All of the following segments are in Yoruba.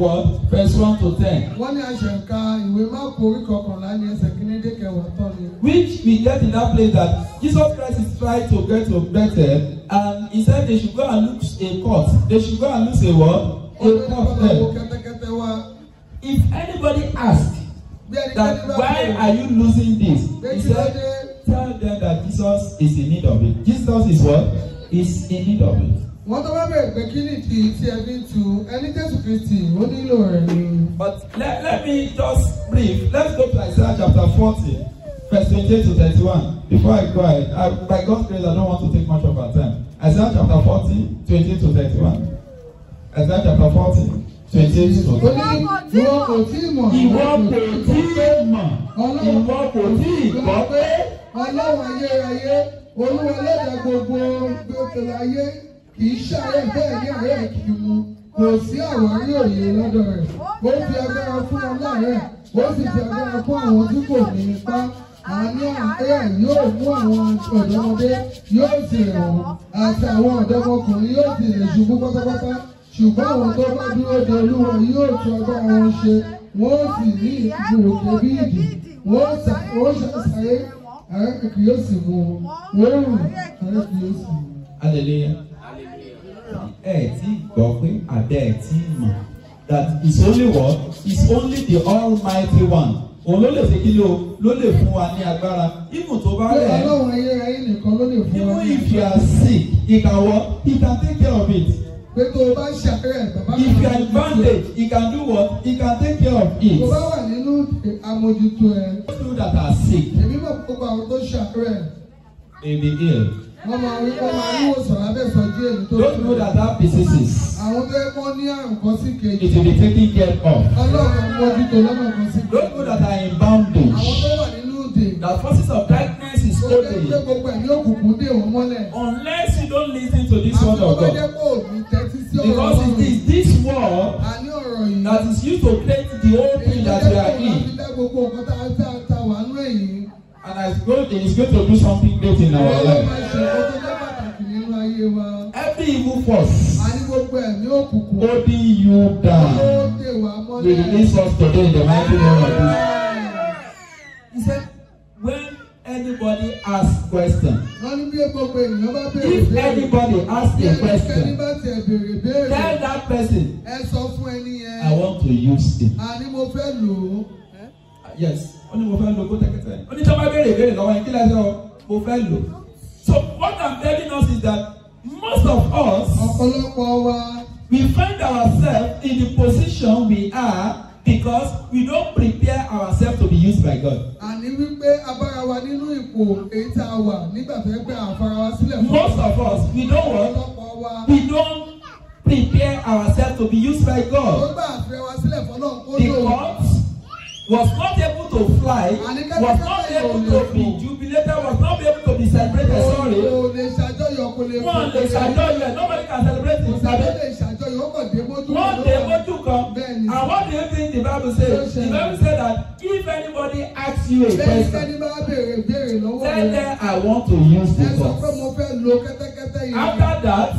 what? Verse one to ten. Wọ́n ní àṣẹ̀ǹka ìwé Máàpù orí kọkànlá ní ẹsẹ̀ kìíní dé kẹwàá tọ́ ni. Which we get in that place that Jesus Christ is trying to get to better, and he said they should go and look a court. They should go and look a what? A court there. Kẹ́tẹ́kẹ́tẹ́ wá. If anybody ask that why are you losing this? He said tell them that Jesus is in need of it. Jesus is what? Is in need of it wọ́n tó bá bẹ̀rẹ̀ pé kí ni ìdí tí ẹ tu ẹni Jésù Kristi ó nílò rẹ̀ ni. But let, let me just brief let's go to Isaiah chapter forty verse twenty-eight to thirty-one before I go I, by God's grace I don't want to take much of our time Isaiah chapter forty twenty-eight to thirty-one Isaiah chapter forty twenty-eight to thirty-one. ìwọ kò tí mọ̀ ìwọ kò tí mọ̀ ìwọ kò tí gbọ́ pé. ọlọ́run ayé ayé olúwa lẹ́dàá gbogbo gbogbo ayé kì í ṣàárẹ̀ bẹ́ẹ̀ ní àárẹ̀ kì í mu kò sí àwárí òye lọ́dọ̀ rẹ̀ ó fi agbára fún ọmọ rẹ̀ ó sì fi agbára fún àwọn tí kò ní ipá àní àárẹ̀ yóò mú àwọn ọ̀dọ́mọdé yóò sì rẹ̀ wọ́n àti àwọn ọ̀dọ́mọkùnrin yóò sì rẹ̀ ṣubú pátápátá ṣùgbọ́n àwọn tó bá dúró de olúwa yóò tún agbára wọn ṣe wọ́n sì ní ìgbòkè bí ìdì wọ́n ṣàṣàyé àárẹ̀ kì yóò sì mú wọn wọ́n rùn àárẹ̀ kì yóò sì mú. hallelujah ẹ̀ tí gbọ́ pé àbẹ́ ẹ̀ tí mọ̀ that is only what is only the almighty one òun ló lè fi kí ló ló lè fún wa ní agbára ìmù tó bá rẹ̀ ẹ́ ọlọ́run ayérayé nìkan ló lè fún wa ní agbára even if you are sick he can work he can take care of it. pé tó o bá ń ṣàpẹrẹ bàbá mi. if you are advantage, he can do what he can take care of it. tó bá wà nínú àmójútó ẹ. those that are sick. èmi mọ̀ gbogbo àwọn tó ṣàpẹrẹ. they be ill don't know that that diseases. àwọn tó yẹ kó ní àrùn kan sí kejì. it will be taking care of. ọlọ́run mójútó lọ́nà kan sí kejì. don't know that I am boundage. àwọn tó wà nínú òde. that forces of darkness is old ó jẹ́ gbogbo ẹ̀mí òkùnkùn dè wọ́n mọ́lẹ̀. unless you don't listen to this word of God. àti ọgbẹ́ jẹ́ kó o tẹ́tí sí ọ̀rọ̀ ọ̀rọ̀. because it is this word. àní ọ̀rọ̀ yìí. that is used to create the whole thing that we are in. èyí and as God is going to do something great in our life. every evil force holding you down we release us today in the mighty name of Jesus. He said, when anybody asks question. if anybody asks a question. tell that person. I want to use it yes ó ní mo fẹ́ lo kótẹ́kẹ́tẹ́ ó ní tọ́ba béèrè béèrè lọ́wọ́ yẹn kí lẹ́sẹ̀ o mo fẹ́ lò. so what i'm telling us is that most of us. ọ̀pọ̀lọpọ̀ wa. we find ourselves in the position we are because we don't prepare ourselves to be used by God. àní wípé abára wa nínú ipò èyí tá a wà nígbà tó yẹ pé àfara wa sílẹ̀. most of us we don't want we don't prepare ourselves to be used by God. ó gbà àfihàn wa sílẹ̀ fọlọ́ọ̀ kó lò. because was not able to fly was not able to be jubilated was not able to be celebrated oh, sorry wọn lè ṣàjọyọ̀ nobody can celebrate it One day dé mójú kan and what do you think the bible say the bible say that if anybody ask you a question tell them i want to use the cup after that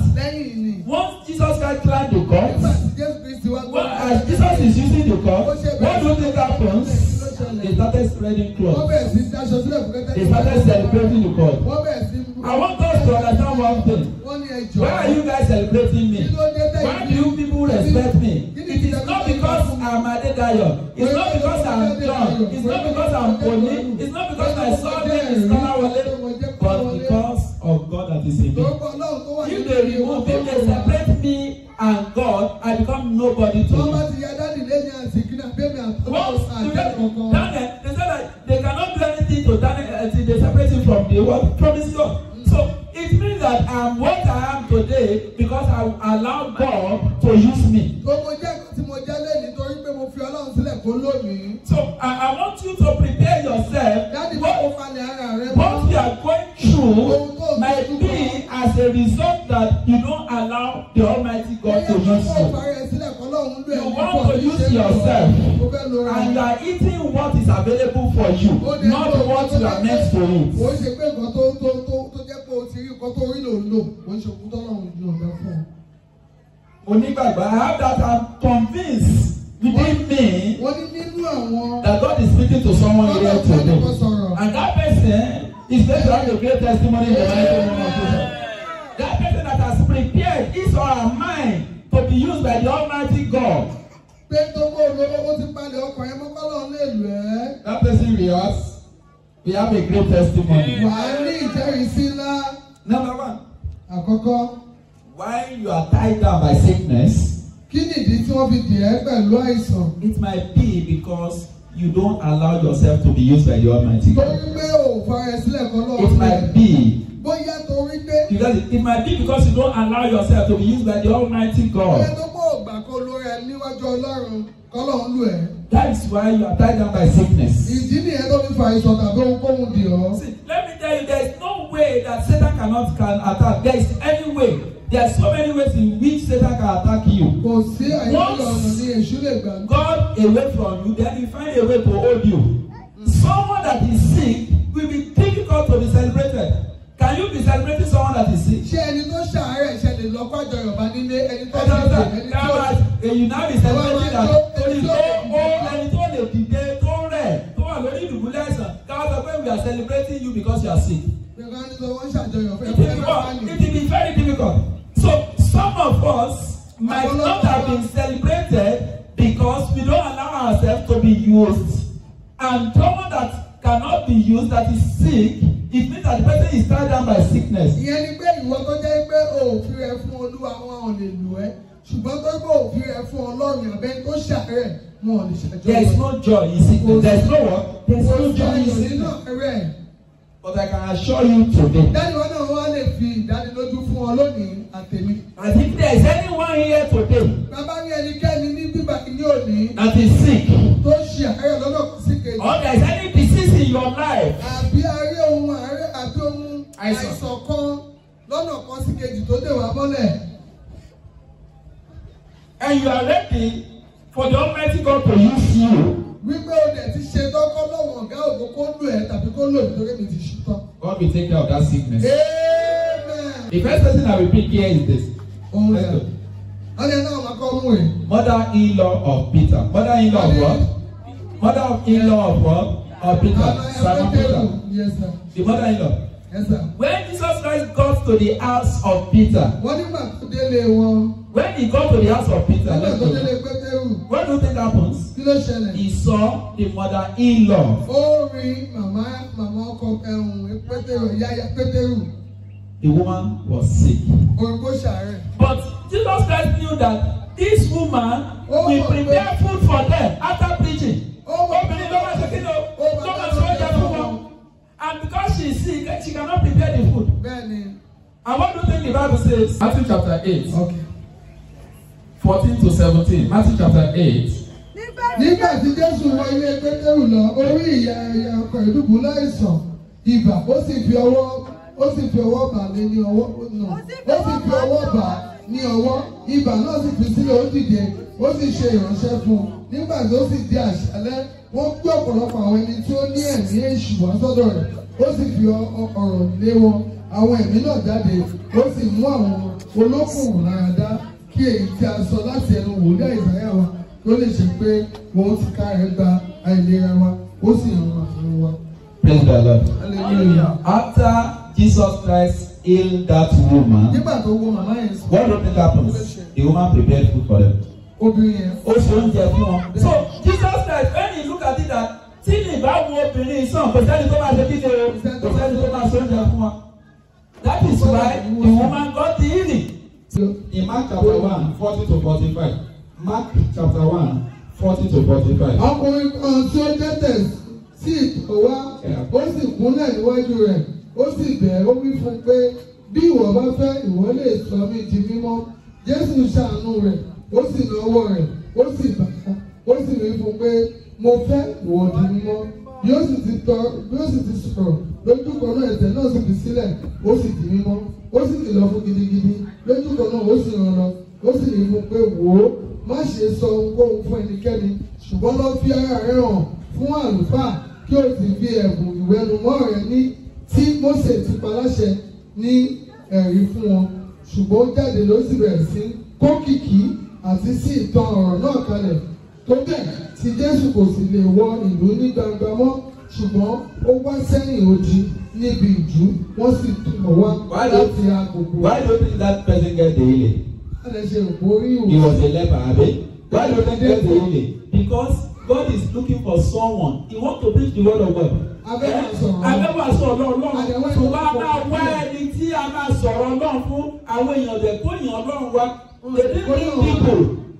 once jesus Christ climbed the cup. As Jesus is using the cup, what do you think happens? They started spreading cloth. They started celebrating the cup. I want us to understand one thing. Why are you guys celebrating me? Why do you people respect me? It is not because I'm Adedayo. It's not because I'm John. It's not because I'm Oni. It's not because my son name is Tanawale. God, I become nobody too. Wọ́n bá ti yá dáàdì lẹ́yìn àsìkí náà mi àtọ́lá ọ̀sán àti ẹ̀kọ̀ọ̀kan. Daniel they say like they cannot do anything to Daniel until they separate him from the word promise God. Mm. So it means that I am what I am today because I allow God to use me. Gbogbo jẹ́ nǹkan tí mo jẹ́ lẹ́yìn nítorí pé mo fi Ọlọ́run sílẹ̀ kó lónìí. So I, I want you to prepare yourself. Dáàdì bá kó falẹ̀ ara rẹ. What you are going through might be as a result that you don't allow the Almighty. You want to use yourself and you are eating what is available for you, not what you are meant for it. Onígbàgbà, I have that I'm convinced within me that God is speaking to someone here today. And that person is going to have a great testimony in the mighty name of Jesus. That person that has prepared his or her mind be used by the almighty God. Pé tó olówó ti palẹ̀ ọkàn ẹ̀ mọ́kọ́ lọ́n lè lù ẹ́. That person we ask, we have a great testimony. Wàá rí ìjẹ́rìísí ńlá. Number one. Àkọ́kọ́. Why you are tied down by sickness. Kí nìdí tí wọ́n fi dì ẹ́ pẹ̀lú àìsàn? It might be because you don't allow yourself to be used by the Almighty God. torí pé o fara sílẹ̀ kan lọ́wọ́. it might be. bóyá torí pé. because it might be because you don't allow yourself to be used by the Almighty God. bóyá tó mọ̀ ògbà kó lórí ẹ níwájú Ọlọ́run kọ́lọ́run lù ẹ́. that is why you are tied down by sickness. ìdí nìyẹn tó fi fa ìṣọ̀tà tó kóhun dì ọ́. see let me tell you there is no way that Satan cannot can attack. There is any way. There are so many ways in which Satan can attack you. Once sí àyíká ọ̀nà God away from you, then he find a way to hold you. Someone that is sick will be difficult to be celebrated. Can you be celebrating someone that is sick? Ṣé ẹni tó ṣàárẹ̀ ṣẹlẹ̀ lọ́kọ́ àjọyọ̀ bá nílé ẹni tó ṣe ìdè ẹni tó ṣe. Èyí náà be celebrating that ẹni tó eh, ó oh, ẹni tó lè dìde tó rẹ̀ tó wà lórí ìdùbúlẹ̀ àìsàn káwọn sọ pé we are celebrating you because you are sick. It will be very difficult. So some of us might not have been celebrated because we don't allow ourselves to be used. And someone that cannot be used, that is sick, it means that the person is tied down by sickness. Ìyẹn ni pé ìwọ tó jẹ́ pé òfin rẹ fún Olúwa wọn ò lè lò ẹ́ ṣùgbọ́n tó gbé òfin rẹ fún Ọlọ́run àbẹ́ tó ṣàárẹ̀ wọn ò lè ṣàjọyọ̀. There is no joy in sickness. There is no what? There is no joy in sickness. But I can assure you today. Dájú wọn náà wọ́n lè fi ìdánilójú fún ọ lónìí àtẹ̀mí. As if there is anyone here today. Bàbá ní ẹnikẹ́ni ní bíbá ní òní. That is sick. Tó ṣe àárẹ̀ lọ́nà kò sí kejì. Or there is any disease in your life. Àbí àárẹ̀ ohun àárẹ̀ àbí ohun àìsàn kan lọ́nà kan sí kejì tó dé wá mọ́lẹ̀. And you are ready for the Almighty God to use you wípé o dẹ̀ ti ṣe dọ́kọ́ lọ́wọ́ ọ̀gá ògo kó lù ẹ́ tàbí kó lò nítorí mi ti ṣú tán. God will take care of that sickness. Amen. The first person I will pick here is this. Ohun rẹ̀. Ọ̀dẹ náà máa kọ́ mú ẹ. Mother-in-law of Peter. Mother-in-law of what? Mother-in-law of what? Of Peter. Simon Peter. Yes, sir. The mother-in-law. Yes, When Jesus Christ got to the house of Peter. Wọ́n nígbà tó délé wọn. When he got to the house of Peter. Nígbà tó délé Pétérù. What do you think happens? Kí ló ṣẹlẹ̀? He saw the mother-in-law. Ó rí màmá màmá ọkọ ẹ̀hún Pétérù yáyá Pétérù. The woman was sick. Orúkọ ṣàárẹ̀. But Jesus Christ knew that this woman oh, will prepare food for them after preaching. Ó wọ́n pé. And because she is sick, she cannot prepare the food. Bẹ́ẹ̀ni. And what do you think the Bible says? Matthew chapter eight. Okay. fourteen to seventeen Matthew chapter eight. Nígbà tí Jésù wọ ilé Pétérù lọ, orí ìyá ẹ̀yà ọkọ̀ ìdúgbò láìsàn ibà, ó sì fi ọwọ́ ó sì fi ọwọ́ bà mí ní ọwọ́ náà, ó sì fi ọwọ́ bà ní ọwọ́, ibà náà sì fi sílẹ̀ ó dìde, ó sì ṣe ìránṣẹ́ fún un. Nígbà tí ó sì di àṣálẹ́, wọ́n gbé ọ̀pọ̀lọpọ̀ àwọn ẹni tí ó ní ẹ̀mí èṣù wá sọ́dọ̀ rẹ̀ ó sì fi ọ̀rọ̀ lé wọn àwọn ẹ̀mí náà jáde ó sì mú àwọn olókùn ráradá kí èyí tí a sọ láti ẹnu wòlíì àìsàyà wa ló lè ṣe pé wọn ti ká rẹ gba àìlera wa ó sì ràn wá fún wa. Praise the Lord. Hallelujah. After Jesus Christ healed that woman. What do think happens? The woman prepared food for them. Obìnrin yẹn. Ó ṣe oúnjẹ fún wọn. So Jesus Christ ìbá obìnrin sàn kò sẹ́ni tó máa ṣe kíni o kò sẹ́ni tó máa ṣe oúnjẹ fún wa. that is why the woman got the healing. in Mark chapter one forty to forty-five Mark chapter one forty to forty-five. ọkùnrin kan tí ó tẹ́tẹ̀ sí ìtọ̀ wá ó sì kúnlẹ̀ níwájú rẹ̀ ó sì bẹ̀ ó wí fún un pé bí ìwọ bá fẹ́ ìwọ lè sọ mí di mímọ́ Jésù ṣàánú rẹ̀ ó sì náwó rẹ̀ ó sì bàtà ó sì wí fún un pé mo fẹ́ ìwọ di mímọ́ yóò sì ti tọ́ yóò sì ti sọ̀rọ̀ lójú kan náà ẹ̀ṣẹ̀ náà sì fi sílẹ̀ ó sì di mímọ́ ó sì kìlọ̀ fún gidigidi lójú kan náà ó sì ràn lọ ó sì ní fún pé wò ó má ṣe sọ ohunkóhun fún ẹnikẹ́ni ṣùgbọ́n lọ fi ara rẹ hàn fún àlùfáà kí o sì fi ẹ̀bùn ìwẹ̀nùmọ́ rẹ ní tí Mósè ti paláṣẹ ní ẹ̀rí fún wọn ṣùgbọ́n ó jáde ló sì bẹ̀rẹ̀ sí kókìkí àti sí ìtàn ọ̀rọ̀ náà kalẹ̀ tó tí Jésù kò sì lè wọ ìlú ní gbangba mọ́ ṣùgbọ́n ó wá sẹ́yìn odi níbi ìjú wọ́n sì tún wá láti agogo. why don't you that person get the healing? alẹ́ ṣe òpó orí ìwò. he was a leper abi. why don't you get the healing? because God is looking for someone he want to preach the word of God. abẹ́wà eh? sọ̀rọ̀ ọlọ́run ṣùgbọ́n a máa wá ẹni tí a máa sọ̀rọ̀ ọlọ́run fún àwọn èèyàn rẹ̀ tó yàn ọlọ́run wá. the people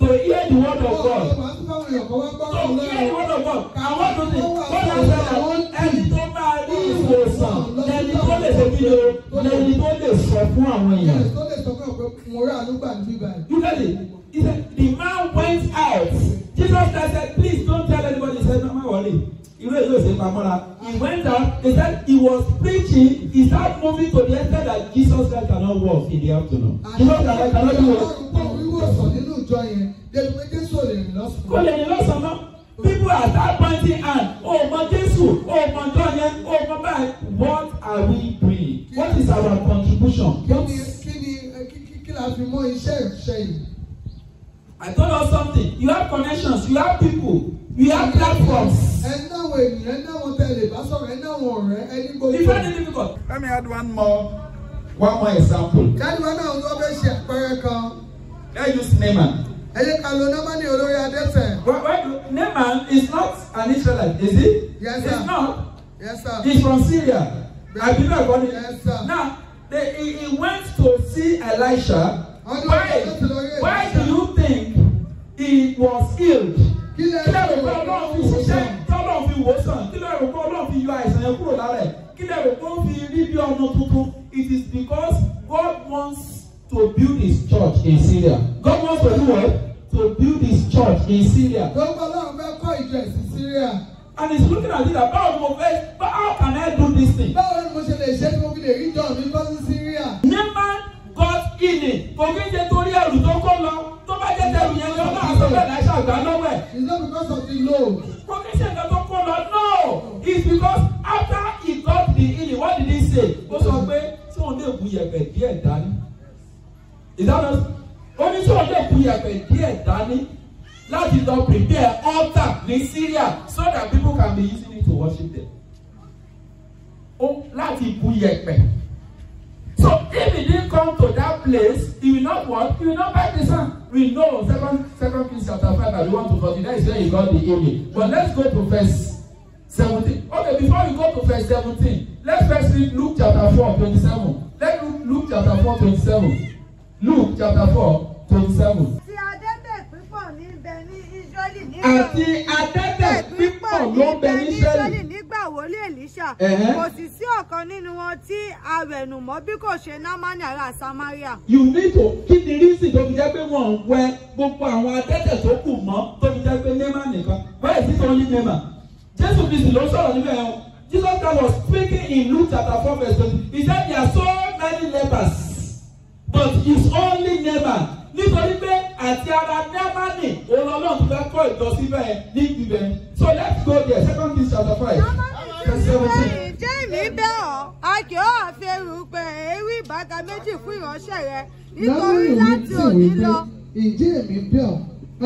to hear the word of God. to hear the word of God. àwọn tó ti kọ́lá sẹ́yà ẹni tó máa rí ìwòsàn lẹ́ni tó lè ṣe kí o lẹ́ni tó lè sọ fún àwọn èèyàn. lẹ́ni tó lè sọ fún àwọn èèyàn. mo rà nígbà nígbà. you get it he said the man went out Jesus said please don't tell anybody he said no ma worry irú èyí ò sì he went down they said he was preaching he start moving to the extent that Jesus Christ cannot walk in the afternoon Jesus Christ cannot do work. ìwòsàn lè rìn lọ́sàn. kò náà people are start pointing hand oh, mọ Jésù Oh, mọ jọ yẹn o mọ báyìí what are we doing what is our contribution. I told us something you have connections you have people. We have platforms. Ẹ náwọn ènìyàn, ẹ náwọn tẹ̀lé ìbásọ̀rọ̀, ẹ náwọn ọ̀rẹ́, ẹ ní gbogbo. Ifá ni difficult. Let me add one more one more example. Jáde wọn náà wọ́n fẹ́ ṣe àpẹẹrẹ kan. Let's use Neyman. Ẹ jẹ́ ká lo Neyman ní olórí Adẹ́tẹ̀. Well, well, Neyman is not an Israelite, is he? Yes, sir. Yes, sir. He is from Syria. Yes, I believe God. Yes, sir. Now, they, he, he went to see Elisha. Why? Why do you think he was killed? kí lè rò pé ọlọ́run fi ṣiṣẹ́ tọ́lọ́run fi wò sàn kí lè rò pé ọlọ́run fi yọ àìsàn yẹn kúrò lára ẹ̀ kí lè rò pé ó fi rí bí ọ̀nà tuntun it is because God wants to build his church in Syria God wants to do what to build his church in Syria. gbogbo ọlọ́run fẹ́ kọ́ ìjọ ìsìn Syria. and he's looking at it like báwo mo fẹ́ how can I do this thing. báwo ni mo ṣe lè ṣe é kí mo fi lè rí jọ̀ọ́ mi kọ́ sí Syria. Neman God healing. Kò kí n ṣe torí ẹrù tó kó lọ. Tó bá jẹ́ tẹrù yẹn lọ náà sọ bẹ́ẹ̀ láì ṣàgbá lọ́wọ́ It's not because of the load. Kò kí n ṣe nǹkan tó kó lọ. No, it's because after he got the healing, what did he say? Ó sọ pé tí òun lè bu yẹ̀pẹ̀ díẹ̀ dání. Ìdáná ó ní tí òun lè bu yẹ̀pẹ̀ díẹ̀ dání láti lọ prepare altar ní Syria so that people can be using it to worship them. Ó láti bu yẹ̀pẹ̀. So if he didn't come place, he will not what? He will not buy the sand. We know second second Kings chapter five that we want to forty. That is where he got the image. But let's go to verse seventeen. Okay, before we go to verse seventeen, let's first read Luke chapter four twenty-seven. Let Luke, chapter four twenty-seven. Luke chapter four twenty-seven. Ti adẹ́tẹ̀ pípọ̀ ní bẹ ní Àti adẹ́tẹ̀ pípọ̀ ló bẹ ní wòlíì Èlíṣà kò sì sí ọ̀kan nínú wọn tí a bí kò ṣe námánì ará Samaria. you need to kí ni rísì tó fi jẹ́ pé wọ́n ń wẹ gbogbo àwọn adẹ́tẹ̀ tó kù mọ́ tó fi jẹ́ pé nema nìkan báyìí sí sọ́ọ́ ní nema Jésù Kristi ló sọ̀rọ̀ níbẹ̀ o Jesus Christ was speaking in Luke chapter four verse twenty he said there are so many lepers but his only neighbor nítorí pé àti ara nẹ́mánì òun ọlọ́run ti fẹ́ kọ́ ìjọsíbẹ̀ ní ibibẹ̀ so let's go there second Kings chapter five jẹ́mi bẹ́ ọ́ a kì í àfẹ́rù pé ewì bàtà méjì fún ìránṣẹ́ rẹ nítorí láti òní lọ. ǹjẹ́ èmi bẹ́ ọ́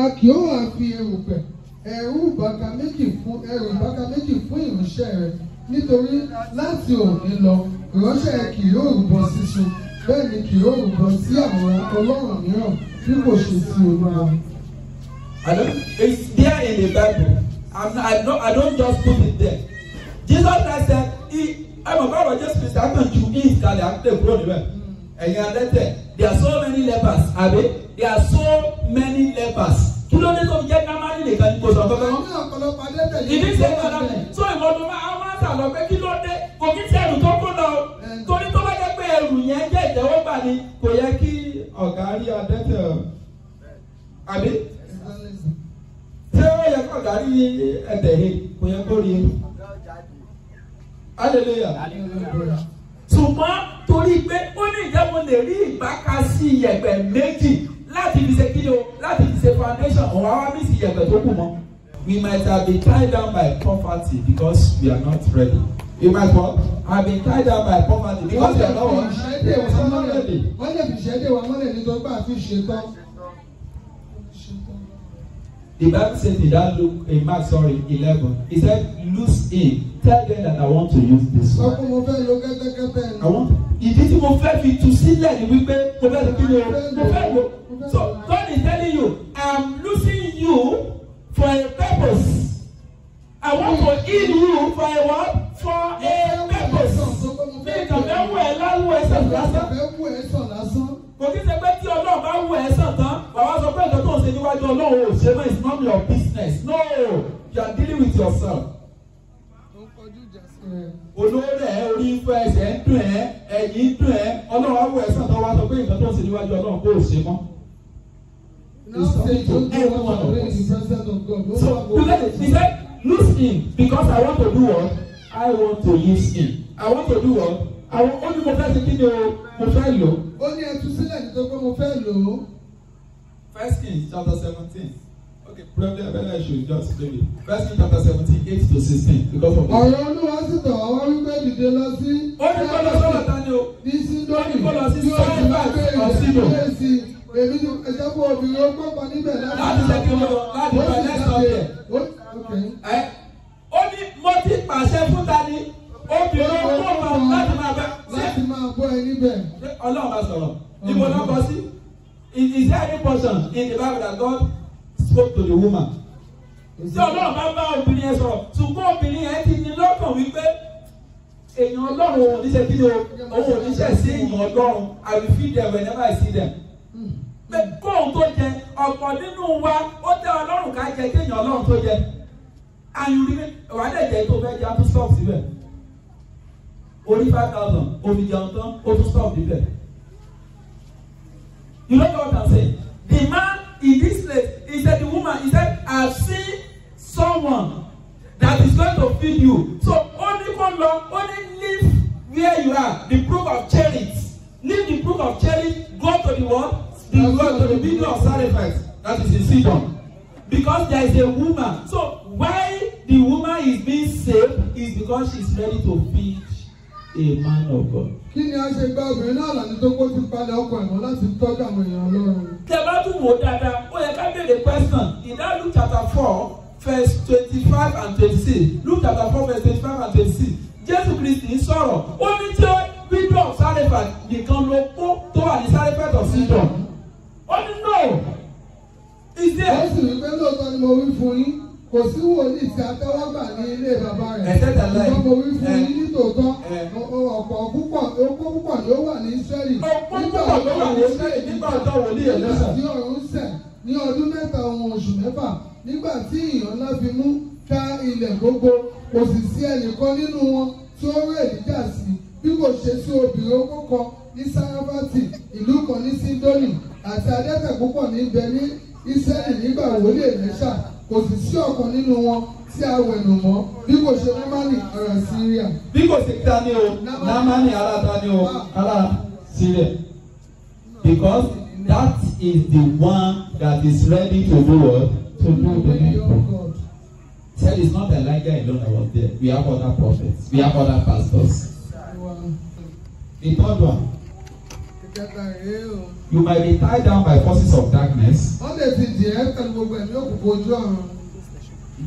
a kì í àfi ẹrù pẹ̀ bàtà méjì fún ẹrù bàtà méjì fún ìránṣẹ́ rẹ nítorí láti òní lọ ìránṣẹ́ kì yóò rúbọ sísun bẹ́ẹ̀ ni kì yóò rúbọ sí àwọn ọlọ́run mìíràn bí kò ṣe ti Olúwa. I I, don't, I don't just put it there jesus christ ẹ ẹmọ báwo jesus christ akànjú yìí kalẹ̀ àti èkúrò níbẹ̀ ẹ̀yin adẹ́tẹ̀ there are so many lepers Abi. there are so many lepers kí ló dé tó fi jẹ́ kámárì nìkan ní kòtò ọ̀kọ́kọ́. àwọn ọ̀pọ̀lọpọ̀ adẹ́tẹ̀ yìí ló ń bọ̀ so ìmọ̀tò máa àwọn àtà lọ pé kí ló dé kò kí ti ẹrù tó kó lọ torí tó bá jẹ́ pé ẹrù yẹn jẹ́ ìtẹ́wọ́gbà ni kò yẹ kí ọ̀gá rí adẹ́tẹ̀ àbí ṣé ó yẹ kó ọ̀gá rí ẹ̀tẹ̀ yìí kò yẹ kó rí i. E hallelujah torí pé ó ní ìjẹ́ lè rí ìgbákasí ìyẹ̀pẹ̀ méjì láti fi ṣe kíni láti fi ṣe foundation ọ̀rọ̀ àwọn mísì ìyẹ̀pẹ̀ tó kù mọ́. We might have been tied down by poverty because we are not ready. You might what? Have been tied down by poverty because we are not ready. Wọ́n lè fi ṣẹ́dẹ̀ wa mọ́lẹ̀ nítorí pé àfi ṣetán. The Bible says in that look in Mark, sorry, eleven. he said, Loose him. Tell them that I want to use this one. Ọkùnrin mo fẹ́ lo gẹ́gẹ́ bẹ́ẹ̀ ni. Àwọn ìdí tí mo fẹ́ fi tu sílẹ̀ ni wípé mo fẹ́ kí ni mo fẹ́ lo. So God is telling you, I'm losing you for a purpose. I want to heal you for a what? For a purpose. Mi kàn fẹ́ wọ ẹ lálọ́ ẹsẹ̀ lásán. ṣe níwájú ọlọ́run ò ṣe mọ́ it's not your business no you are dealing with yourself. olórí ẹ orí ń fẹ́ ẹsẹ̀ ń dùn ẹ ẹ̀yìn ń dùn ẹ ọlọ́run á wọ ẹ̀sán tó sọ pé nǹkan tó ṣe níwájú ọlọ́run kò ṣe mọ́. go one away in No so because he said lose him because I want to do what I want to use him. I want to do what I want only mo fẹ́ ṣe kí ni o mo fẹ́ lò. Ó ní ẹtú sílẹ̀ nítorí pé mo fẹ́ lò ó. First Kings chapter seventeen. Okay, probably I should just do it. First Kings chapter seventeen eight to sixteen because of. Ọ̀rọ̀ Olúwa sì tọ̀ wá wípé dìde lọ sí. Ó ní kọ́ lọ sọ́dọ̀ tani o. Ní Sídónì tí ó ti máa gbé ìrẹsì èmi ni ẹjọ́ fún obìnrin ó kọ́kọ́ níbẹ̀ láti. Láti ṣe kí wọ́n láti bá next up there. Ó ní mo ti pàṣẹ fún tani obìnrin ó kọ́ láti máa bẹ́. Láti máa bọ́ ẹ níbẹ̀. Ọlọ́run bá sọ̀rọ̀. Ibo náà kọ sí. Is, is there any portion in the Bible that God spoke to the woman? Tí Ọlọ́run bá bá obìnrin yẹn sọ̀rọ̀, ṣùgbọ́n obìnrin yẹn ti ní lọ́kàn wípé èèyàn Ọlọ́run òun níṣẹ́ kí ni òun ò sí èèyàn Ọlọ́run, I will feed them whenever I see them. Hmm. Kóun tó jẹ, ọ̀pọ̀ nínú wa, ó tẹ́ Ọlọ́run ká jẹ kí èèyàn Ọlọ́run tó jẹ. Ayùrí wàá lè jẹ́ tó fẹ́ jẹ́ àtúnṣọ́ọ̀bù síbẹ̀. Orí five thousand, omi jẹun tán, ó tún ṣọ́ọ̀bù níbẹ̀. You know what I'm saying? The man in this place, he said, the woman, he said, I've seen someone that is going to feed you. So only for long, only leave where you are. The proof of charity. Leave the proof of charity. Go to the what? The go to the video of sacrifice. That is the season. Because there is a woman. So why the woman is being saved is because she's ready to feed a man of God. Kí ni a ṣe gba obìnrin náà lànà tó kó ti palẹ̀ ọkọ ẹ̀mọ́ láti tọ́jú àwọn èèyàn Ọlọ́run? Tẹ bá tún wò dáadáa, ó yẹ ká béèrè question in Luke chapter four verse twenty-five and twenty-six Luke chapter four verse twenty-five and twenty-six Jésù Kristi sọ̀rọ̀ ó ní tí widow Sarefat nìkan ló kó tó wà ní Sarefat of Sidon. Ó ní no, is there? Ó sì lóòótọ́ ni mo wí fún yín kò sí wòlíì tí atẹ́wọ́gbà ní ilé bàbá rẹ̀. ẹ̀sẹ̀ tẹ̀lé ẹ̀ ìjọba orí fún yín nítòótọ́ ọ̀pọ̀ púpọ̀ ọ̀pọ̀ púpọ̀ ni ó wà ní Ísírẹ́lì nígbà tó wà ní Ísírẹ́lì nígbà tó wòlíì ẹ̀lẹ́sẹ̀. ní ọ̀run sẹ̀ ní ọdún mẹ́ta ohun oṣù mẹ́fà nígbà tí ìyàn ńlá fi mú ká ilẹ̀ gbogbo kò sì sí ẹnìkan nínú wọn tí ó rẹ̀ níjà sí bí kò ṣe sí obìnrin okó kan ní Sarafati ìlú kan ní Sidoni àti adẹ́tẹ̀ púpọ̀ ní ibẹ̀ ní Ísírẹ́lì nígbà wòlíì ẹ̀lẹ́sà kò sì sí ọ̀kan nínú wọn tí a wẹ̀nù mọ́ bí kò ṣe námánì ará Síríà. bí kò ṣe ta ni o námánì ará ta o ah. ará Síríà because that is the one that is ready to do what to do the needful. Tell it's not Elijah alone that was there. We have other prophets. We have other pastors. The third one you might be tied down by forces of darkness. It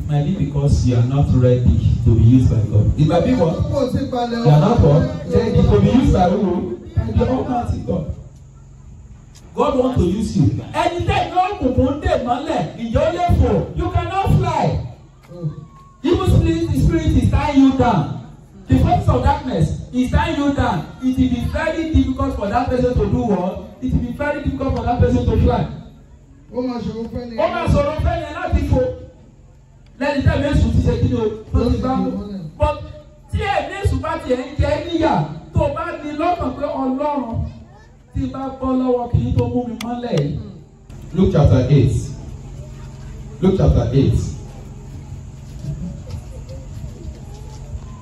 might be because you are not ready to be used by God. It might be what? You are not what? Ready to be used by who? By the Almighty God. God wants to use you. Ẹni tẹ́ ìlú òkùnkùn dè mọ́lẹ̀, ìyọ́ lè fò, you cannot fly. Even the spirit is tying you down. The forces of darkness is tying you down. It will be very difficult for that person to do work. It will be very difficult for that person to fly. Ó máa sọ̀rọ̀ fẹ́ ni. Ó máa sọ̀rọ̀ fẹ́ ni láti fò. Lẹ́yìn tí ẹ̀mí èṣù ti ṣe kí ni o, tó ti bá mú. But tí ẹ̀mí èṣù bá tiẹ̀ ń jẹ níyà tó bá ní lọ́kàn pé Ọlọ́run ti bá bọ́ lọ́wọ́ kí n tó mú mi mọ́lẹ̀ yìí. Luke chapter eight. Luke chapter eight.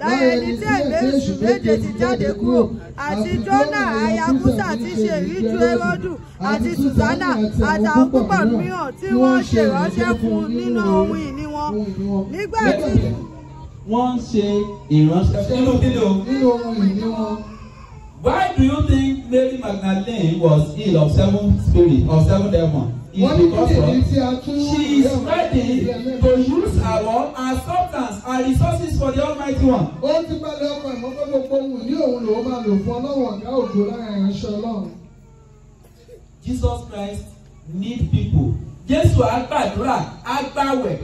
lára ẹni tí ẹ̀mí èṣù méje ti jáde kúrò àti Jónà aya ti ṣe ìríjú Hẹ́rọ́dù àti Sùsánà àtàwọn púpọ̀ mìíràn tí wọ́n ṣèránṣẹ́ fún nínú ohun ìní wọn nígbà tí wọ́n ṣe ìránṣẹ́ nínú kíni o nínú ohun ìní wọn. Why do you think Mary Magdalene was ill of seven spirit of seven demons? It's because of she is ready to use her own as substance are resources for the Almighty One. ó ti balẹ̀ ọkọ̀ ẹ̀mọ́ pé gbogbo ohun ní òun lòun máa lò fún ọlọ́wọ̀n ọ̀gá òjò láàrin aṣọ ọlọ́run. Jesus Christ need people. Jésù á gbàdúrà á gbàwẹ̀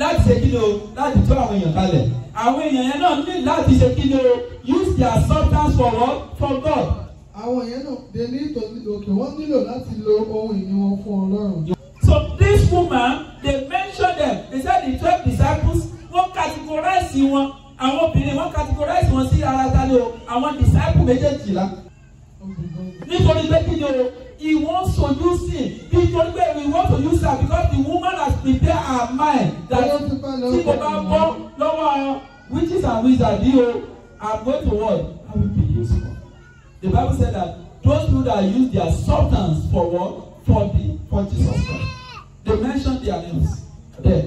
láti ṣe kí ni o láti tó àwọn èèyàn kalẹ̀. àwọn èèyàn yẹn náà ní láti ṣe kí ni o use their substance for what for God. àwọn èèyàn náà dé ní ìtòsí òkè wọ́n nílò láti lo ohun ìní wọn fún ọlọ́run. So this woman they mention them they say the twelve disciples wọ́n categorize wọn àwọn obìnrin wọ́n categorize wọn sí ara tani o àwọn disciple méjèèjìlá nítorí pé kí ni o ìwọ́n sojú sí nítorí pé ìwọ́n sojú sí because the woman has prepared her mind that tí mo bá bọ́ lọ́wọ́ witches and wizards yìí o I'm going to war. I will be useful the Bible said that those who that use their substance for war for the for Jesus Christ they mention their names there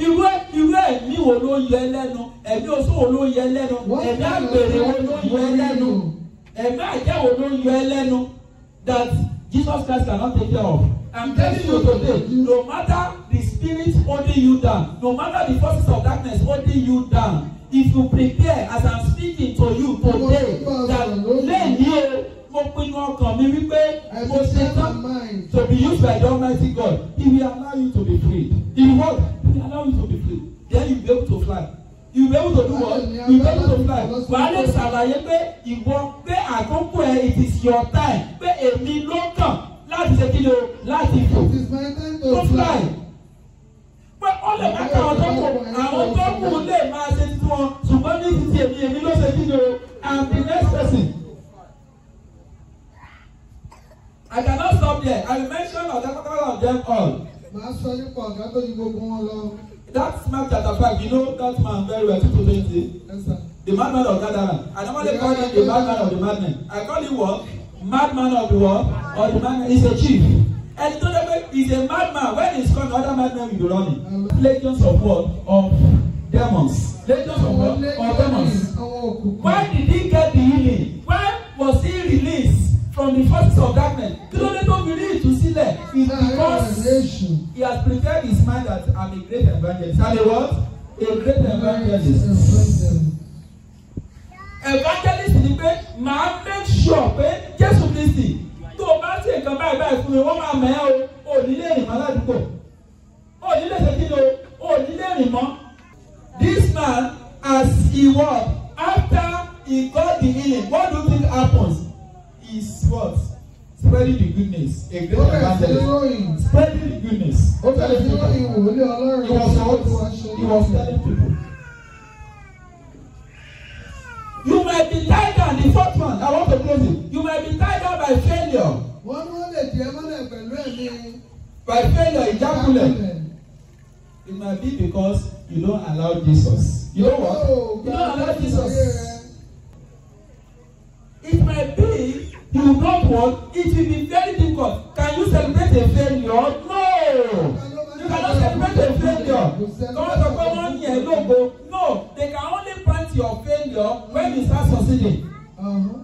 irú irú ẹ̀mí wo ló yẹ lẹ́nu ẹ̀mí oṣù wo ló yẹ lẹ́nu ẹ̀mí àgbèrè wo ló yẹ lẹ́nu ẹ̀mí àjẹ́ wo ló yẹ lẹ́nu that Jesus Christ cannot take care of. I'm telling you today, no matter the spirit holding you down, no matter the forces of darkness holding you down, if you prepare as I'm speaking to you today, that lẹ́yìn here, mo pinnu ọkàn mi wípé mo ṣe tán to be used by the Almighty God, He will allow you to be free. He won't allow you to be free then you be able to fly you be able to do what you be able to fly wàá lè ṣàlàyé pé ìwọ pé àkókò ẹ it is your time pé èmi ló kàn láti ṣe kí ni o láti fò tó fly pé ó lè má kà ọjọ́ kù àwọn tó kù lè máa ṣe tí wọn ṣùgbọ́n ní ti tèmi èmi ló ṣe kí ni o and the next person. I cannot stop there. I will mention Ọ̀dà Kọ́kọ́rọ́ of them all. Màá sọ nípa ọ̀gá tó ju gbogbo wọn lọ. That smart chapter five, you know that man very well, two thousand eight. Yes, sir. The madman of Gadara. I normally yeah, call him the madman of the madman. I call him what? Madman of the what? Or the madman is a chief. And he told them he's a madman. When he's called, other madmen will the running. Legions of war Of demons. Legions of what? Of demons. Why did he get the healing? Why was he released? from the forces of darkness kí ló dé tó to see ìtúsílẹ̀ is because he has prepared his mind as a great evangelist and a what a great evangelist evangelist ni pé màá make sure pé Jésù Kristi tó o bá ṣe nǹkan báyìí báyìí fún mi wọ́n máa mẹ́ o ò nílé ìrìnmọ́ ládùúgbò ò nílé ṣe kí ni o this man as he was after he got the healing what do you think happens what? Spreading the goodness. A great evangelist. Spreading the goodness. Ó tẹ̀lé sí lóyún ìwòlé Ọlọ́run. He was what? He was telling people. You may be tied down, the fourth one, I want to close it. You may be tied down by failure. Wọ́n wọ́n lè jẹ́ mọ́lẹ̀ pẹ̀lú ẹ̀mí. By failure, ìjákulẹ̀. It might be because you don't allow Jesus. You know what? Oh, you don't allow Jesus. It might be you don't want it will be very difficult can you celebrate a failure no you cannot celebrate a failure Don't kọ́wọ́n sọ pé wọ́n yẹ̀ lógo no they can only plant your failure when you start succeeding uh-huh.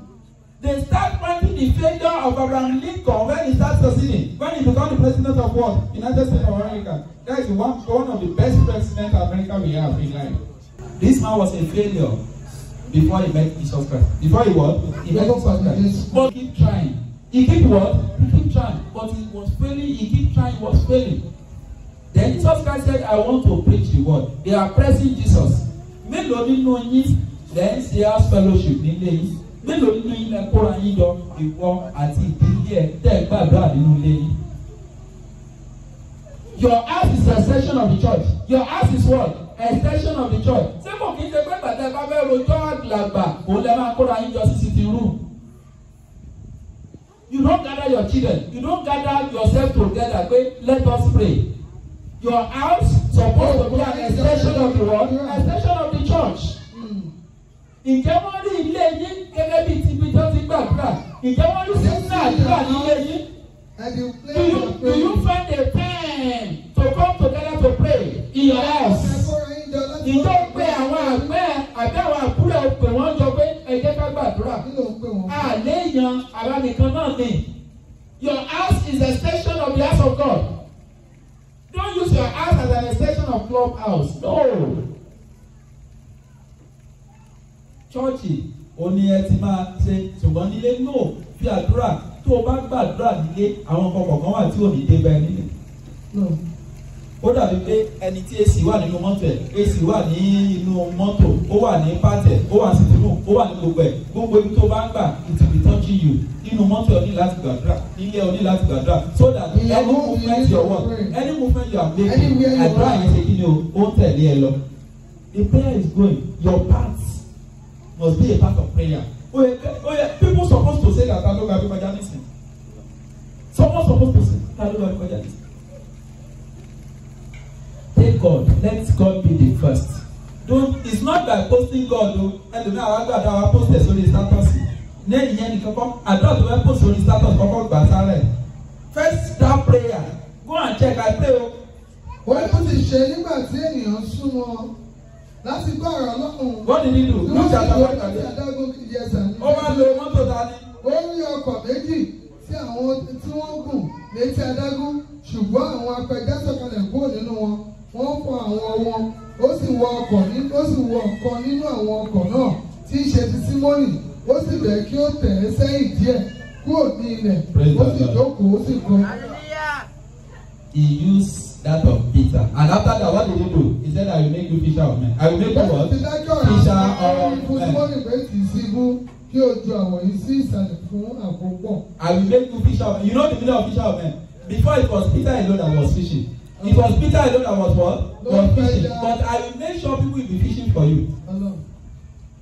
they start planting the failure of Abraham Lincoln when he start succeeding when he become the president of what United States of America that is one one of the best president America we have in life this man was a failure before he met Jesus Christ. Before he what? He met Jesus Christ. But he keep trying. He keep what? He keep trying. But he was failing. He keep trying. He was failing. Then Jesus Christ said, I want to preach the word. They are pressing Jesus. Mélòó nínú yín lẹ́ Then ṣe house fellowship nílé yín? Mélòó nínú yín lẹ́ kóra yín lọ ìwọ àti ìdílé ẹ̀ tẹ́ gbàdúrà nínú ilé yín? Your house is the section of the church. Your house is what? extension of the church. ṣé kò kí n ṣe pé bàtà ẹ bá fẹ́ rojọ́ àgbàlagbà òun lè máa kóra yín jọ sí sitting room. you don gather your children you don gather yourself together pé let us pray. your house suppose to be an extension of the world extension of the church. Hmm. ǹjẹ́ wọ́n rí ilé yín gẹ́gẹ́ bí ti bí tó ti gbàdúrà ǹjẹ́ wọ́n rí sí àdúrà ní yín. Do you, do you find a time to come together to pray in your house? ìjọ pé àwọn àgbẹ̀ àbí àwọn àbúrò pè wọ́n jọ pé ẹ jẹ́ gbàdúrà. àlẹ́ yan àwa náà ni. Your house is the extension of the house of God. Don't use your house as an extension of club house. No. Chọ́ọ̀chì òní ẹ ti máa ṣe ṣùgbọ́n nílé no fi àdúrà tó o bá gbàdúrà nílé àwọn ọkọ̀ kọ̀ọ̀kan wà tí ò ní dé nílé. No ó dàbí pé ẹni tí AC wà nínú mọ́tò ẹ̀ AC wà ní inú mọ́tò ó wà ní pàtẹ́ ó wà sínú ó wà ní gbogbo ẹ̀ gbogbo ibi tó bá ń gbà it will be touching you nínú mọ́tò ẹ̀ ní láti gbàdúrà nílé ẹ̀ ní láti gbàdúrà so that any movement your work any movement you are making àdúrà yẹn ṣe kí ni o ó ń tẹ̀lé ẹ lọ the prayer is going your part must be a part of prayer oye oye people suppose to say that ta ló ga bí kọjá someone suppose to say that ló ga bí kọjá nísìnyí. God. Let God be the first. Don't it's not by posting God o. Oh, Ẹlòmí àwọn àgbà àtàwọn apostẹ̀ sórí status. Lẹ́yìn yẹn nìkan kọ́ àdúrà tó fẹ́ post sórí status kọ́kọ́ gbà sáré. First that prayer go and check I pray o. Oh. Wọ́n tún ti ṣe nígbà tí ènìyàn súnmọ́ láti gbọ́ ọ̀rọ̀ Ọlọ́run. Wọ́n ní nínú ló ti àtàwọn ìkàdé. Ó máa lo mọ́tò dání. Ó rí ọkọ̀ méjì tí àwọn tí wọ́n gùn létí adágún ṣùgbọ́n àwọn apẹja sọ̀kalẹ̀ kúrò nínú wọn wọ́n fọ àwọn wọn ó sì wọ ọkọ̀ nínú ó sì wọ ọ̀kan nínú àwọn ọkọ̀ náà tí í ṣe ti símọ́nì ó sì bẹ̀ kí ó tẹ̀ ẹ́ sẹ́yìn díẹ̀ kúrò ní ilẹ̀ ó sì jókòó ó sì kọ́. He used that of Peter and after that what did he do? He said I will make you fisher of men. I will make you what? Fisher of men kí ojú àwọn yìí sí ìsàlẹ̀ fún àkópọ̀. I will make you fisher of men. You know the meaning of fisher of men? Before it was Peter alone that was fishing. It was Peter alone that was what? Was fishing. But I will make sure people will be fishing for you.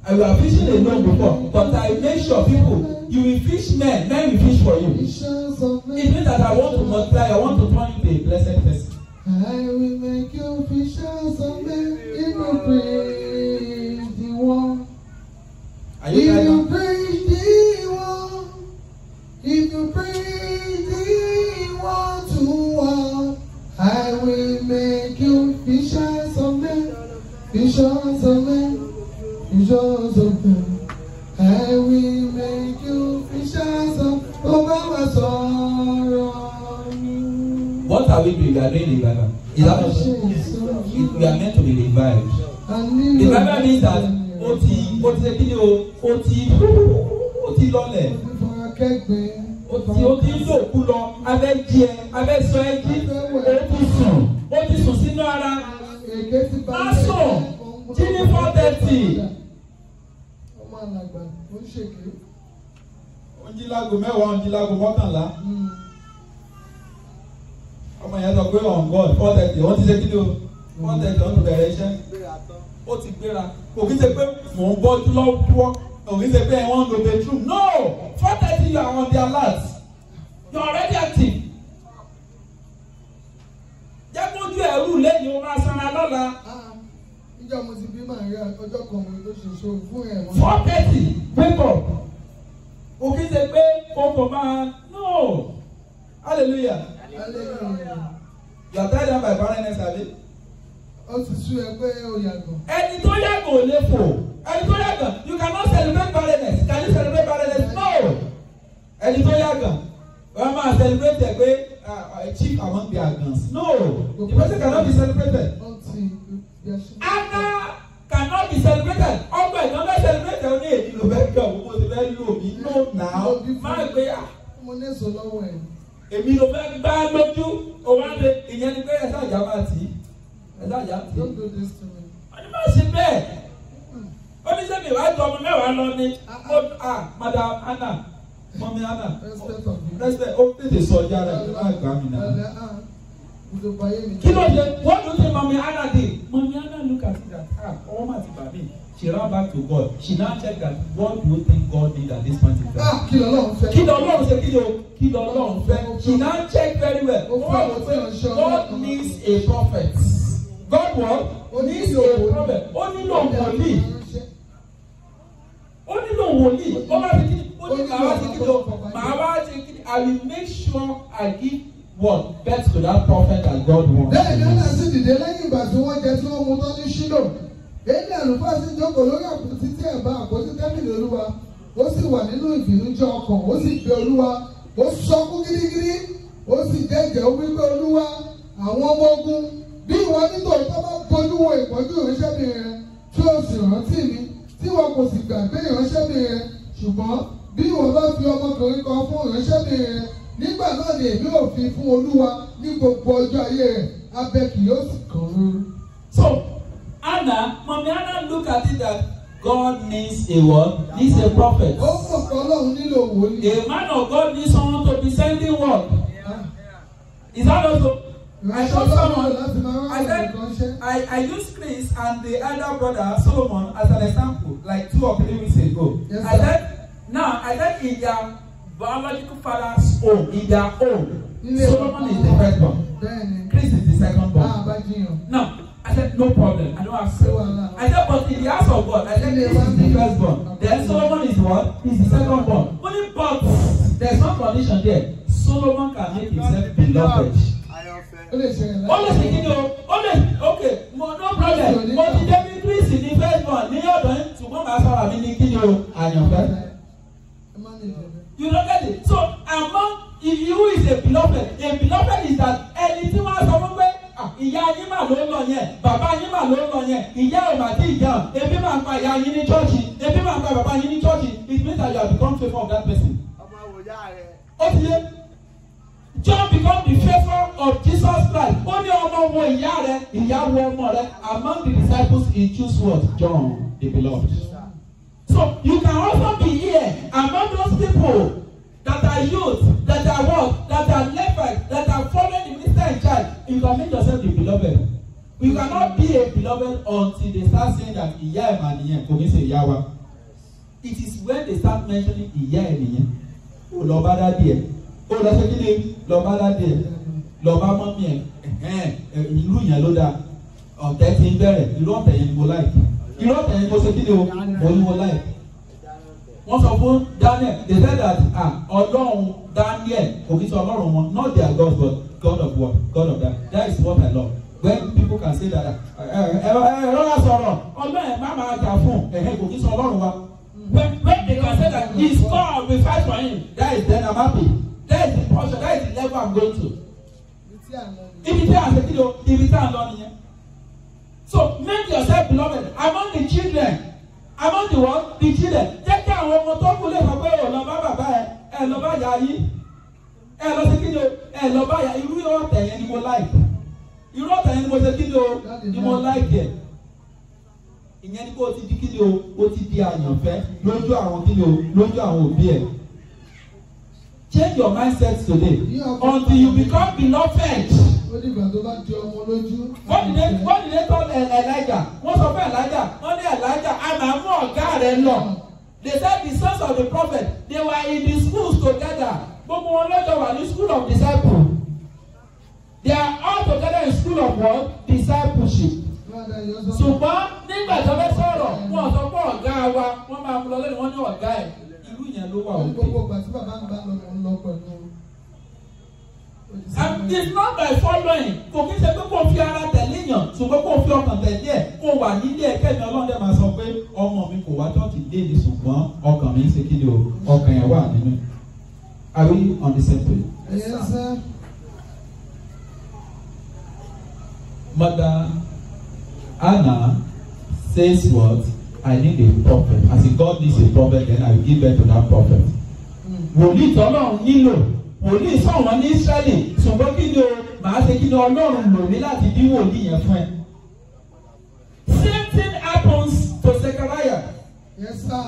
I will have fishing alone before, but I will make sure people, you will fish men, men will fish for you. It means that I want to multiply, I want to turn you to a blessed person. I will make you fishers of men. in will praise the one. Are you guys? What are we doing? We are doing Libana. Is that what we are meant to be revived? Libana means that Oti, ti ó ti ṣe kí ni o ó ti ó ti lọlẹ̀ ó ti ó ti ń sòkú lọ abẹ́ sùn ó sùn pásọ jí ní four thirty. ọmọ alàgbà ó ń ṣèké. ó ń jí láago mẹ́wàá ó ń jí láago mọ́kànlá. Hmm. ọmọ yẹn sọ pé on oh god four thirty wọ́n ti ṣe kí ni o hmm. four thirty wọ́n ti bẹ̀rẹ̀ iṣẹ́ ó ti gbéra kò kí ṣe pé mò ń bọ́jú lọ́wọ́ kò kí ṣe pé ẹ̀ wọ́n ń lo bedroom no four thirty you are on the alert you are already active jẹ́ kójú ẹ̀rú lẹ́yìn o máa sanra lọ́la. Ah, níjọ́ mo ti bí màríà ọjọ́ kan mo tó ṣe fún ẹ̀ wọ́n. four thirty wake up kò kí ṣe pé kò kò máa no hallelujah. hallelujah. you are tied down by barrenness abi. ó ti sú ẹ pé ó yàgò. ẹni tó yàgò lè fò ẹni tó yàgò you cannot celebrate barrenness can you celebrate barrenness no ẹni tó yàgò wọ́n máa celebrate ẹ̀ pé uh, chief among their guns. No, the person cannot be celebrated. Anna cannot be celebrated. Ọgbà ìdánwò celebrate ọ̀nà èyí ló fẹ́ gbà owó ti fẹ́ lò mí. No now. Máa gbé à. Mo ní èso lọ́wọ́ ẹ̀. Èmi ló fẹ́ gbá lójú. O máa ń lè ìyẹn ni pé ẹ̀sán àjà máa tì í. Ẹ̀sán àjà tì í. Ọdún máa ṣe bẹ́ẹ̀. Ó ní sẹ́mi ìwádìí ọmọ mẹ́wàá lọ ni. Ah, ah. Ah, Madam Anna mọ́mí àná respect ó tètè sọ jára ẹ̀ má gbà mí náà. kí ló dé wọ́n tún ṣe mọ́mí àná dé mọ́mí àná look at it that ah ọwọ́ mà ti bà mí. She ran back to God. She now check that what do you think God did at this point in time? Ah, kí lọ́lọ́run fẹ́. Kí lọ́lọ́run ṣe kí ló kí fẹ́. She now check very well. Ó fẹ́ ó fẹ́ ọ̀ṣọ́. God needs a prophet. God what? Needs a prophet. Ó nílò wòlíì ó nílò wòlíì ó bá ti kí ó ní màá wá ti kí ló màá wá ti kí I will make sure I give what bet to that prophet that God wants. bẹ́ẹ̀ ni ọ̀nà sì dìde lẹ́yìn ìgbà tí wọ́n jẹ tí wọ́n mu tán ní ṣílò èyí àlùfáà sì jókòó lórí àpótí tí ẹ̀ bá àpótí tẹ́mìlì olúwa ó sì wà nínú ìbìnújẹ́ ọkàn ó sì pe olúwa ó sọkún gírígírí ó sì jẹ́jẹ́ wípé olúwa àwọn ọmọ ogun bí ìwọ nítòótọ́ bá bójú wo ìpọ́jú ìránṣẹ́ mi rẹ tí o sì rántí mi tí wọn kò sì gbà pé ìránṣẹ́bìnrin rẹ ṣùgbọ́n bí wọn bá fi ọmọkùnrin kan fún ìránṣẹ́bìnrin rẹ nígbà náà ni èmi ò fi fún olúwa ní gbogbo ọjọ́ ayé rẹ̀ abẹ kì yóò sì kàn án. So Anna, Mommy Anna look at it that God needs a word, needs a prophet. Ó mọ̀ pé Ọlọ́run nílò wòlíì. A man of God needs someone to be sending word. Yeah, yeah. Is that also? I told someone, I said, I, I used Chris and the elder brother Solomon as an example, like two or three weeks ago. Yes, I said, now, I said in their biological father's home, in their home, Solomon is the first one. Chris is the second one. Ah, now, I said, no problem, I don't have to. I said, but in the house of God, I said, Chris is the first one. Then Solomon is what? He's the second one. Only but, there's no condition there. Solomon can make himself beloved ó lè ṣẹlẹ̀ láti. ó o ó ok mo no problem mo ti dé bí kírísì ní first born ní ọ̀dọ̀ yín ṣùgbọ́n màá sára mi ní kíni o àyànfẹ́. you don get it so among if you is a beloved a beloved is that ẹni tí wọ́n sọ fún pé ìyá yín mà ló ń lọ yẹn bàbá yín mà ló ń lọ yẹn ìyá ò mà tí ìjà ebi máa pa ìyá yín ní chọ́ọ̀chì ebi máa pa bàbá yín ní chọ́ọ̀chì it means that you have become favour of that person. ọmọ àwòyá rẹ. ó ti yé. John become the favour of Jesus Christ. Ó ní ọmọ wo ìyá rẹ̀, ìyá wo ọmọ rẹ̀. Among the disciples he chose what? John the beloved. So you can also be here among those people that are youth, that are what, that are Levites, that are following the minister in charge. You can make yourself the beloved. You cannot be a beloved until they start saying that ìyá ẹ̀ mà nìyẹn kò ní ṣe ìyá It is when they start mentioning ìyá ẹ̀ nìyẹn. Olọ́ba dá díẹ̀ ó lọ sí kíni lọ́ba aládé lọ́ba mọ́mí ẹ̀ ìlú yẹn ló dáa ọ̀tẹ̀ ti ń bẹ̀rẹ̀ irú ọ̀tẹ̀ yẹn ni mo láì irú ọ̀tẹ̀ yẹn ni mo ṣe kíni o mo ní mo láì wọ́n sọ fún Daniel they said that ah ọlọ́run Daniel kò kí sọ ọlọ́run wọn not their God but God of war God of that that is what I love when people can say that ẹ̀rọ ah, eh, eh, eh, la sọ̀rọ̀ ọlọ́run ẹ̀ má máa jà fún ẹ̀hẹ́ kò kí sọ ọlọ́run wa when when they can say that his God will fight for him that is then I'm happy. that is the portion that is the level i'm going to ibi tí a ṣe you ibi tí a lọ so make yourself beloved among the children among the the children jẹ́ kí àwọn ọmọ tó kú pé lọ bá bàbá ẹ ẹ lọ bá yà yí ẹ lọ sí ẹ lọ bá yà irú ọ̀tẹ̀ yẹn ni mo like irú ọ̀tẹ̀ yẹn ni mo ṣe Change your mindset today until you become beloved. Ó dìgbà tó bá di ọmọ lójú. Wọ́n dìde wọ́n dìde tọ́ Ẹ̀lájà. Wọ́n sọ fún Ẹ̀lájà. Wọ́n ní Ẹ̀lájà a máa mú ọ̀gá rẹ̀ lọ. They said the sons of the prophet they were in the schools together. Gbogbo wọn lọ́jọ́ wà ní school of disciples. They are all together in school of what? Discipleship. Ṣùgbọ́n nígbà tó fẹ́ sọ̀rọ̀ wọn sọ fún ọ̀gá wa wọ́n máa mú lọ lẹ́nu wọn ní ọ̀gá ẹ̀ yẹn ló wà òkè. gbogbo ìgbà tí bàbá mi bá lọ mò ń lọ pẹ̀lú. and it's not by following kò kí n ṣe pé kò fi ara tẹ̀lé yàn ṣùgbọ́n kò fi ọkàn tẹ̀lé ẹ̀ kò wà nílé ẹ̀kẹ́ mi ọlọ́dẹ máa sọ pé ọmọ mi kò wá tọ́kì léèlì ṣùgbọ́n ọkàn mi ń ṣe kí ni o ọkàn yẹn wà nínú. are we on the same page. yes sir. mother Anna says what. I need a prophet I say God needs a prophet then I will give birth to that prophet. Hmm. wòlíì tọ́lọ́run nílò wòlíì sọ̀wọ́n ní Ísírẹ́lì ṣùgbọ́n kí ni o màá ṣe kí ni Ọlọ́run lò mí láti bí wòlíì yẹn fún ẹ. same thing happens to Zechariah. Yes, sir.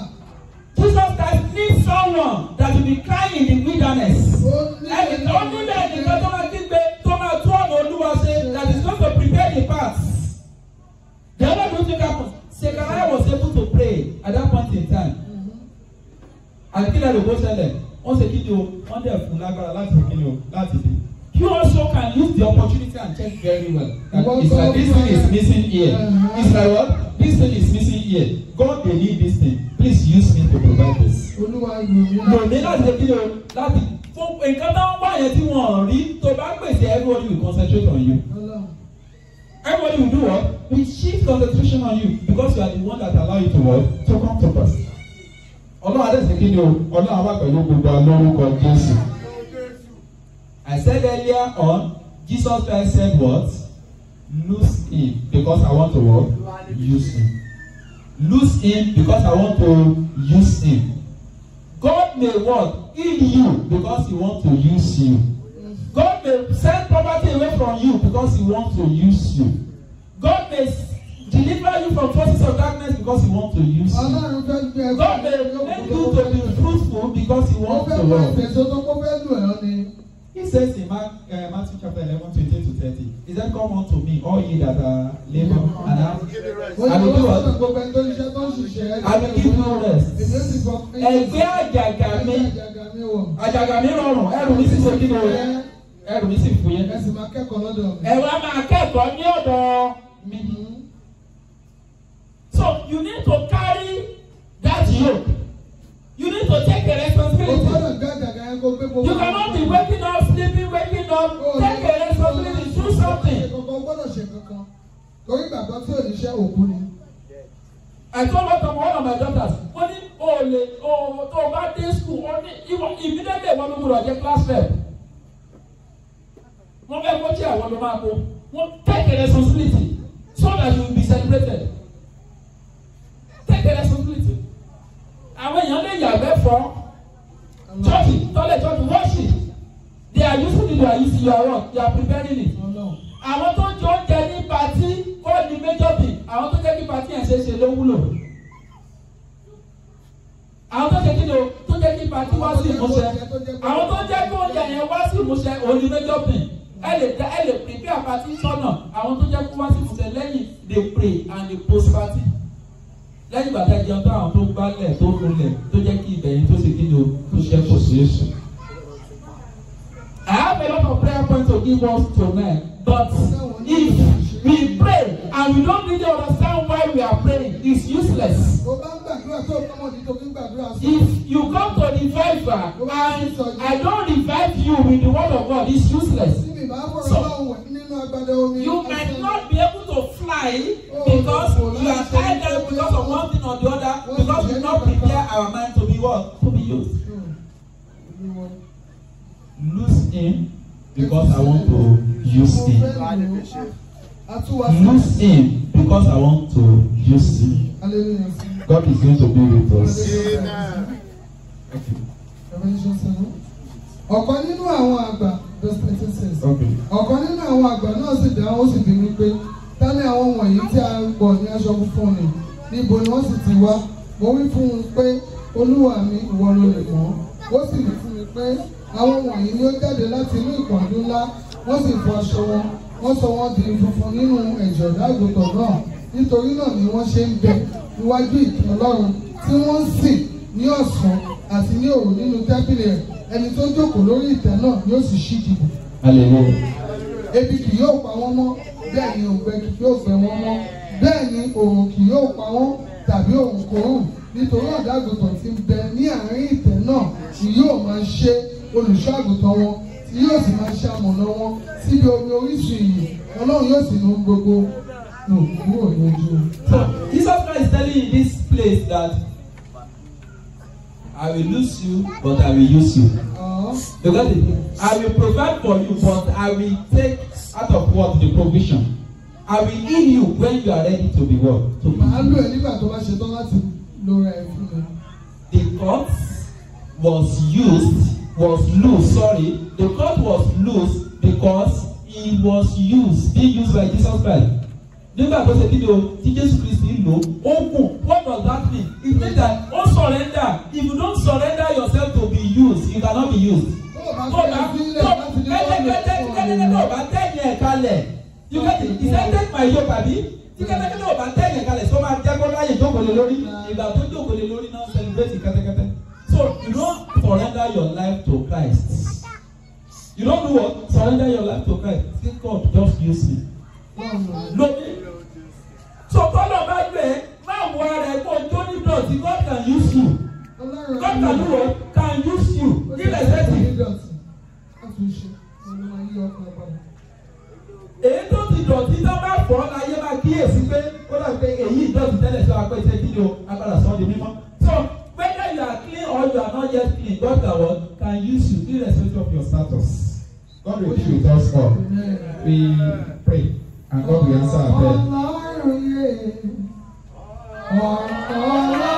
Jesus Christ needs someone that will be crying in the wilderness. Ẹni tó nílẹ̀ nìkan tó àti kílẹ̀ rògbò ṣẹlẹ̀ wọ́n ṣe kí ni o wọ́n dẹ̀ fún lágbára láti kí ni o láti dé. You also can use the opportunity and check very well that this thing is missing here. Uh-huh. what? This thing is missing here. God dey need this thing. Please use me to provide this. Olúwa yóò yá. Lòdì láti ṣe kí o láti fún nǹkan táwọn bá yẹn tí wọ́n rí tó bá pèsè everybody will concentrate on you. Everybody will do what? We shift concentration on you because you are the one that allow you to work to come to pass ọlọ́run adẹ́sẹ̀ kí ni o ọlọ́run wà pẹ̀lú gbogbo alórúkọ jésù. I said earlier on Jesus Christ said what? Lose him because I want to what? Use him. Lose him because I want to use him. God may what? Heal you because he want to use you. God may send poverty away from you because he want to use you. God may deliver you from forces of darkness because he wants to use you. God dey make you to be fruitful because he wants to love. He says in Mark, uh, Matthew chapter eleven twenty to thirty, he said, Come unto me, all ye that are labor and have? I will do what? I will give you rest. Ẹgbẹ́ àjàgà mi, rọrùn, ẹrù mi sì ṣe kí Ẹrù mi sì fún yẹn. Ẹ máa kẹ́kọ̀ọ́ lọ́dọ̀ mi. Ẹ máa kẹ́kọ̀ọ́ ní ọ̀dọ̀ mi you need to carry that yoke. You need to take the responsibility. You cannot be waking up, sleeping, waking up. take a responsibility, do something. Torí gbàgbọ́ tí òṣìṣẹ́ òkú ni. I told one of my daughters, ó ní o lè o tó o bá dé school, ó ní ìwọ immediately wọ́n ló gbúdọ̀ jẹ́ class rep. Wọ́n fẹ́ kó tí àwọn ló máa kó. Wọ́n take a responsibility so that you will be celebrated take the responsibility àwọn èèyàn lè yàgbẹ́ fọ́ church tọ́lẹ̀ church worship they are using it you are using your own you are preparing it àwọn tó jẹ oúnjẹ ní pati ó di major thing àwọn tó jẹ kí pati yẹn ṣe ṣe ló wúlò àwọn tó jẹ kí ló tó jẹ kí pati wá sí ìmúṣẹ àwọn tó jẹ kí oúnjẹ yẹn wá sí ìmúṣẹ ó di major thing ẹ lè ẹ lè prepare pati sọ́nà àwọn tó jẹ kí wá sí ìmúṣẹ lẹ́yìn they pray and they post party lẹ́yìn ìgbà tẹ́ jẹun táwọn tó gbálẹ̀ tó lulẹ̀ tó jẹ́ kí ibẹ̀ yẹn tó ṣe kíni o tó ṣe kò sí èso. I have a lot of prayer points to give us tonight but if we pray and we don't really understand why we are praying it's useless if you come to revive and I don't revive you with the word of God it's useless. so you might not be able to fly oh, because you are tied down because of one thing or the other because we not prepare our mind to be what to be used. lose him because I want to use him. Lose him because I want to use him. God is going to be with us. ọ̀kan nínú àwọn àgbà ọ̀kan nínú àwọn àgbà náà sì dáhùn ó sì bí mi pé ta ni àwọn wọ̀nyí tí a ń bọ̀ ní aṣọ funfun ni níbo ni wọ́n sì ti wá mo wí fún un pé olúwa mi ìwọ ló lè mọ̀ ó sì wí fún mi pé àwọn wọ̀nyí ni ó jáde láti inú ìpọ́njú ńlá wọ́n sì fọ aṣọ wọn wọ́n sọ wọ́n di funfun nínú ẹ̀jọ̀dá àgùntàn náà nítorí náà ni wọ́n ṣe ń bẹ níwájú ìtàn ọlọ́run tí wọ́n ń sìn ní ọ̀sán àti ní òru nínú tẹ́bìlì rẹ̀ ẹni tó jókòó lórí ìtẹ́ náà yóò sì ṣí dìbò. ebi kì yóò pa wọ́n mọ́ bẹ́ẹ̀ ni òǹgbẹ kì yóò gbẹ wọ́n mọ́ bẹ́ẹ̀ ni òòrùn kì yóò pa wọ́n tàbí òun kò rùn nítorí ọ̀dàgùntàn ti ń bẹ ní àárín ìtẹ́ náà tí yóò máa ṣe olùṣọ́ àgùntàn wọn tí yóò sì máa ṣe amọ̀nà wọn síbi omi orísun ìyè ọlọ́run yóò sì nu gbogbo No, no, no. So Jesus Christ is telling in this place that I will lose you, but I will use you. Oh. Because it, I will provide for you, but I will take out of what the provision. I will heal you when you are ready to be well. To be. The cut was used was loose sorry the cut was loose because it was used being used by Jesus Christ nígbà tó ṣe kíni o tí Jésù Kristi lò ó kù what does that mean it means that ó surrender if you don't surrender yourself to be used you cannot be used. tó bá kẹ́tẹ́kẹ́tẹ́ kẹ́tẹ́kẹ́tẹ́ ò bá tẹ̀yìn ẹ̀ kalẹ̀ you get it he said take my yoke àbí tí kẹ́tẹ́kẹ́tẹ́ ò bá tẹ̀yìn ẹ̀ kalẹ̀ sọ ma jẹ́ kó láyè jókòó lé lórí ìgbà tó jókòó lé lórí náà celebrate kẹ́tẹ́kẹ́tẹ́ so you don't surrender your life to Christ you don't do what surrender your life to Christ say God just use me. No, so tọ́lọ̀ bá gbé má wọ ara ẹ̀ kó tó ní dọ̀tí God can use you God can do what can use you nílẹ̀ sẹ́tì. èyí tó ti dọ̀tí tó bá fọ́ láyé máa kíyèsí pé ó dàgbé èyí ìdọ̀tí tẹ́lẹ̀ sí apẹ́ iṣẹ́ kí o agbára sọ́ọ́ di mímọ́. so whether you are clean or you are not yet clean God can what can use you irrespective of your status. God will be with us all. We pray and God will answer our prayer. Oh, oh, oh.